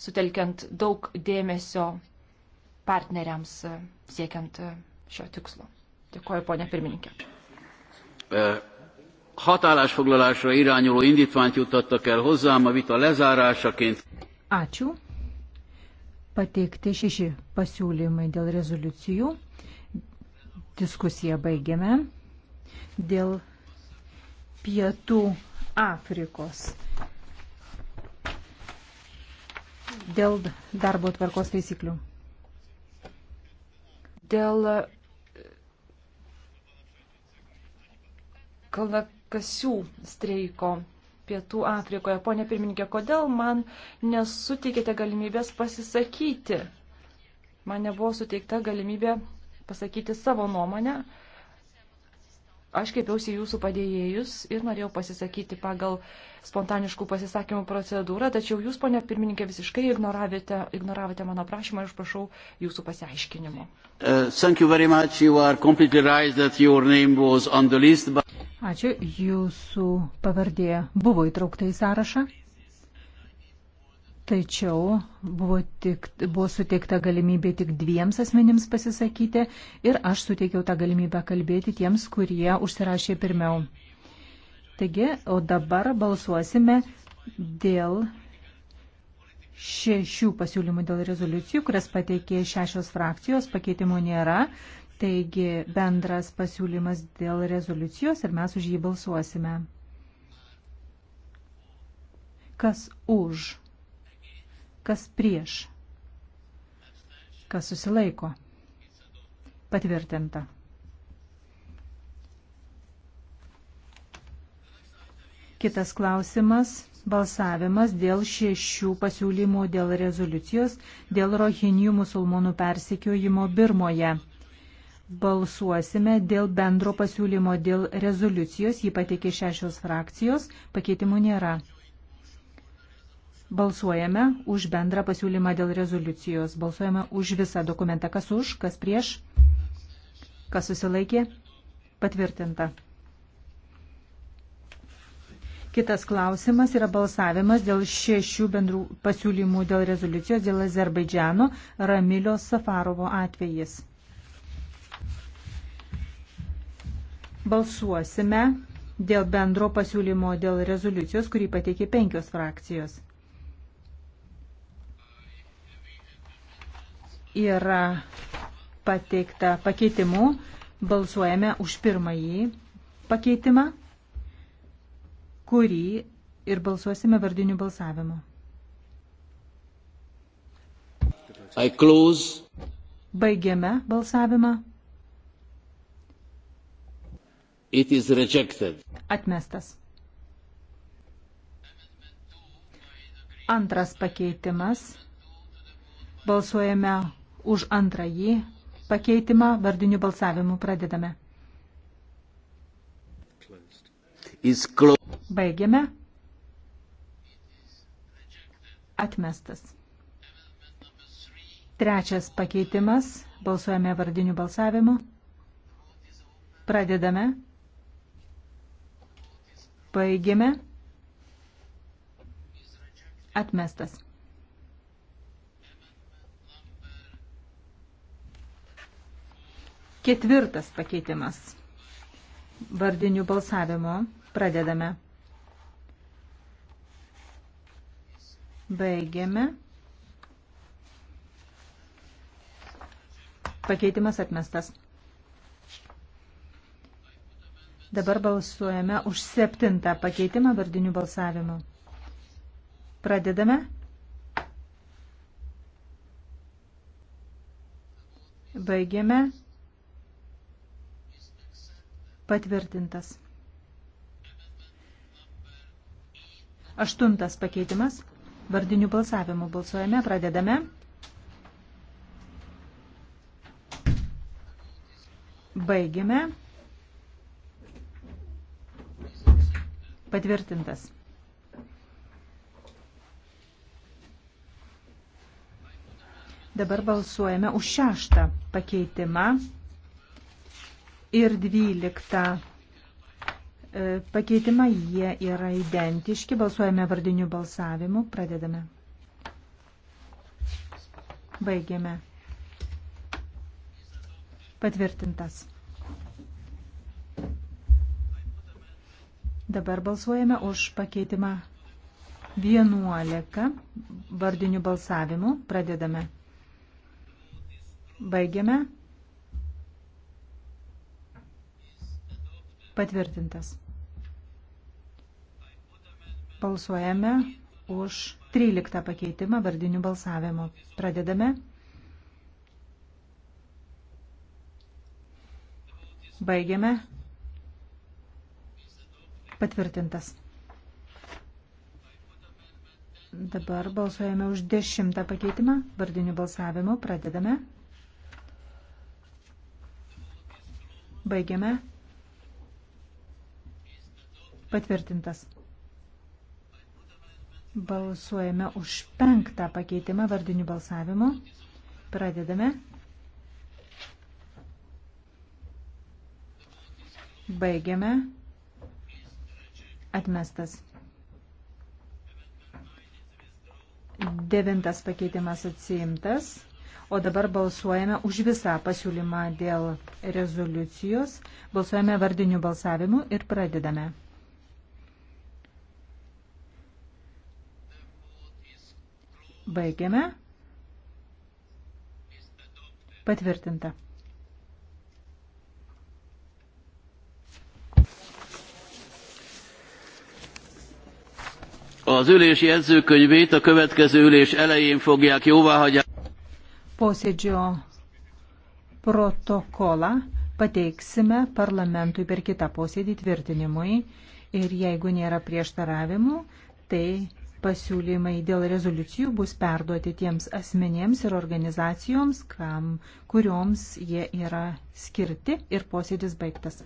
sutelkiant daug dėmesio partneriams e, siekiant e, šio tikslo. Dėkuoju, ponė pirmininkė. E, Hatálásfoglalásra irányuló indítványt juttattak el hozzám a vita lezárásaként. Ačiū. Pateikti šeši pasiūlymai dėl rezoliucijų. Diskusiją baigiame. Dėl pietų Afrikos dėl darbo tvarkos taisyklių. Dėl e, kalnakasių streiko Pietų Afrikoje. Pone pirmininkė, kodėl man nesuteikėte galimybės pasisakyti? Man nebuvo suteikta galimybė pasakyti savo nuomonę Aš kreipiausi jūsų padėjėjus ir norėjau pasisakyti pagal spontaniškų pasisakymų procedūrą, tačiau jūs, ponia pirmininkė, visiškai ignoravote, ignoravote mano prašymą ir aš prašau jūsų pasiaiškinimo. Uh, right but... Ačiū, jūsų pavardė buvo įtraukta į sąrašą. Tačiau buvo, tik, buvo suteikta galimybė tik dviems asmenims pasisakyti ir aš suteikiau tą galimybę kalbėti tiems, kurie užsirašė pirmiau. Taigi, o dabar balsuosime dėl šešių pasiūlymų dėl rezoliucijų, kurias pateikė šešios frakcijos, pakeitimo nėra. Taigi, bendras pasiūlymas dėl rezoliucijos ir mes už jį balsuosime. Kas už? kas prieš, kas susilaiko. Patvirtinta. Kitas klausimas - balsavimas dėl šešių pasiūlymų dėl rezoliucijos dėl rohinių musulmonų persikiojimo Birmoje. Balsuosime dėl bendro pasiūlymo dėl rezoliucijos, jį pateikė šešios frakcijos, pakeitimų nėra. Balsuojame už bendrą pasiūlymą dėl rezoliucijos. Balsuojame už visą dokumentą. Kas už, kas prieš, kas susilaikė. Patvirtinta. Kitas klausimas yra balsavimas dėl šešių bendrų pasiūlymų dėl rezoliucijos dėl Azerbaidžiano Ramilio Safarovo atvejis. Balsuosime dėl bendro pasiūlymo dėl rezoliucijos, kurį pateikė penkios frakcijos. yra pateikta pakeitimu. Balsuojame už pirmąjį pakeitimą, kurį ir balsuosime vardiniu balsavimu. Baigiame balsavimą. Atmestas. Antras pakeitimas. Balsuojame už antrąjį pakeitimą vardiniu balsavimu pradedame. Baigiame. Atmestas. Trečias pakeitimas. Balsuojame vardiniu balsavimu. Pradedame. Baigiame. Atmestas. Ketvirtas pakeitimas. Vardinių balsavimo pradedame. Baigiame. Pakeitimas atmestas. Dabar balsuojame už septintą pakeitimą vardinių balsavimų. Pradedame. Baigiame. Patvirtintas. Aštuntas pakeitimas. Vardinių balsavimų balsuojame, pradedame. Baigiame. Patvirtintas. Dabar balsuojame už šeštą pakeitimą ir 12 e, pakeitimą, jie yra identiški, balsuojame vardiniu balsavimu, pradedame. Baigiame. Patvirtintas. Dabar balsuojame už pakeitimą 11 vardiniu balsavimu. Pradedame. Baigiame. Patvirtintas. Balsuojame už 13 pakeitimą vardinių balsavimo. Pradedame. Baigiame. Patvirtintas. Dabar balsuojame už 10 pakeitimą vardinių balsavimo. Pradedame. Baigiame. Patvirtintas. Balsuojame už penktą pakeitimą vardinių balsavimo. Pradedame. Baigiame. Atmestas. Devintas pakeitimas atsiimtas. O dabar balsuojame už visą pasiūlymą dėl rezoliucijos. Balsuojame vardiniu balsavimu ir pradedame. Baigiame. Patvirtinta. Az ülés jegyzőkönyvét a következő ülés elején fogják jóváhagyni. Posėdžio protokolą pateiksime parlamentui per kitą posėdį tvirtinimui ir jeigu nėra prieštaravimų, tai pasiūlymai dėl rezoliucijų bus perduoti tiems asmenėms ir organizacijoms, kam, kurioms jie yra skirti ir posėdis baigtas.